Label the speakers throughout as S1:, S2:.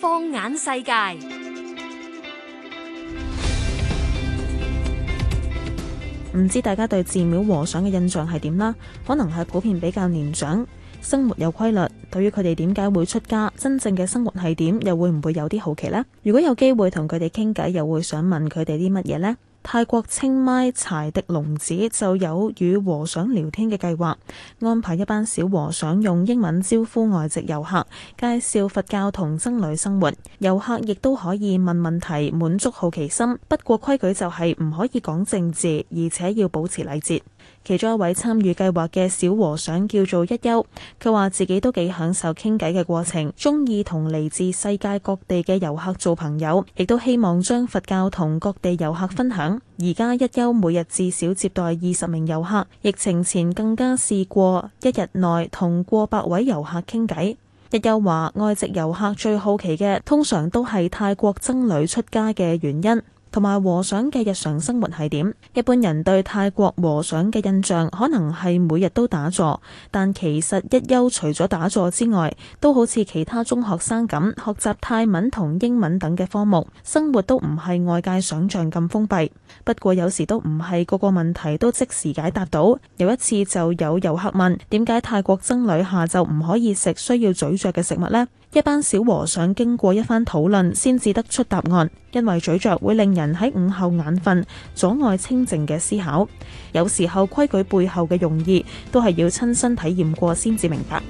S1: 放眼世界，唔知大家對寺廟和尚嘅印象係點啦？可能係普遍比較年長，生活有規律。對於佢哋點解會出家，真正嘅生活係點，又會唔會有啲好奇呢？如果有機會同佢哋傾偈，又會想問佢哋啲乜嘢呢？泰國清邁柴迪龍寺就有與和尚聊天嘅計劃，安排一班小和尚用英文招呼外籍遊客，介紹佛教同僧侶生活。遊客亦都可以問問題，滿足好奇心。不過規矩就係唔可以講政治，而且要保持禮節。其中一位參與計劃嘅小和尚叫做一休，佢話自己都幾享受傾偈嘅過程，鍾意同嚟自世界各地嘅遊客做朋友，亦都希望將佛教同各地遊客分享。而家一休每日至少接待二十名遊客，疫情前更加試過一日內同過百位遊客傾偈。一休話：外籍遊客最好奇嘅，通常都係泰國僧侶出家嘅原因。同埋和尚嘅日常生活係點？一般人對泰國和尚嘅印象可能係每日都打坐，但其實一休除咗打坐之外，都好似其他中學生咁學習泰文同英文等嘅科目，生活都唔係外界想像咁封閉。不過有時都唔係個個問題都即時解答到。有一次就有遊客問：「點解泰國僧侶下晝唔可以食需要咀嚼嘅食物呢？」一班小和尚經過一番討論，先至得出答案。因為咀嚼會令人喺午後眼瞓，阻礙清靜嘅思考。有時候規矩背後嘅用意，都係要親身體驗過先至明白。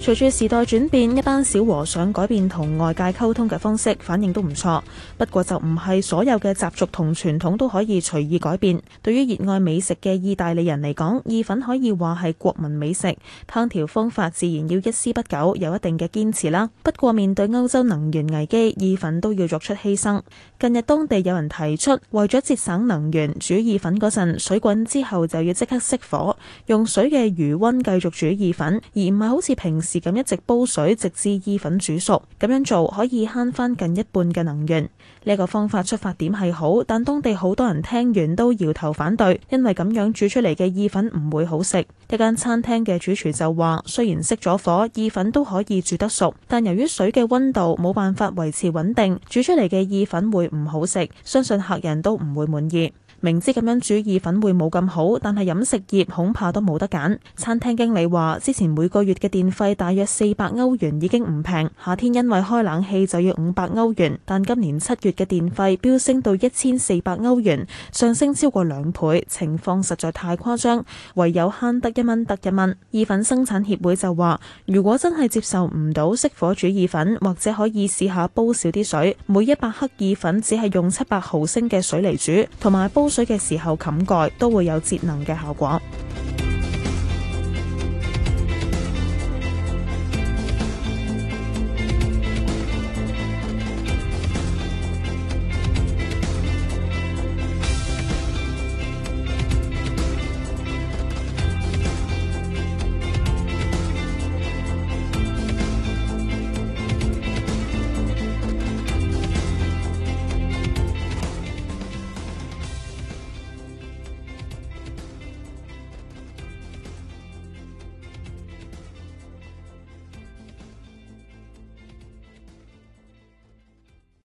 S1: 隨住時代轉變，一班小和尚改變同外界溝通嘅方式，反應都唔錯。不過就唔係所有嘅習俗同傳統都可以隨意改變。對於熱愛美食嘅意大利人嚟講，意粉可以話係國民美食，烹調方法自然要一絲不苟，有一定嘅堅持啦。不過面對歐洲能源危機，意粉都要作出犧牲。近日當地有人提出，為咗節省能源，煮意粉嗰陣水滾之後就要即刻熄火，用水嘅餘温繼續煮意粉，而唔係好似平時，是咁一直煲水，直至意粉煮熟。咁樣做可以慳翻近一半嘅能源。呢、這、一個方法出發點係好，但當地好多人聽完都搖頭反對，因為咁樣煮出嚟嘅意粉唔會好食。一間餐廳嘅主廚就話，雖然熄咗火，意粉都可以煮得熟，但由於水嘅温度冇辦法維持穩定，煮出嚟嘅意粉會唔好食，相信客人都唔會滿意。明知咁樣煮意粉會冇咁好，但係飲食業恐怕都冇得揀。餐廳經理話：之前每個月嘅電費大約四百歐元已經唔平，夏天因為開冷氣就要五百歐元。但今年七月嘅電費飆升到一千四百歐元，上升超過兩倍，情況實在太誇張，唯有慳得一蚊得一蚊。意粉生產協會就話：如果真係接受唔到熄火煮意粉，或者可以試下煲少啲水，每一百克意粉只係用七百毫升嘅水嚟煮，同埋煲水嘅時候冚蓋，都會有節能嘅效果。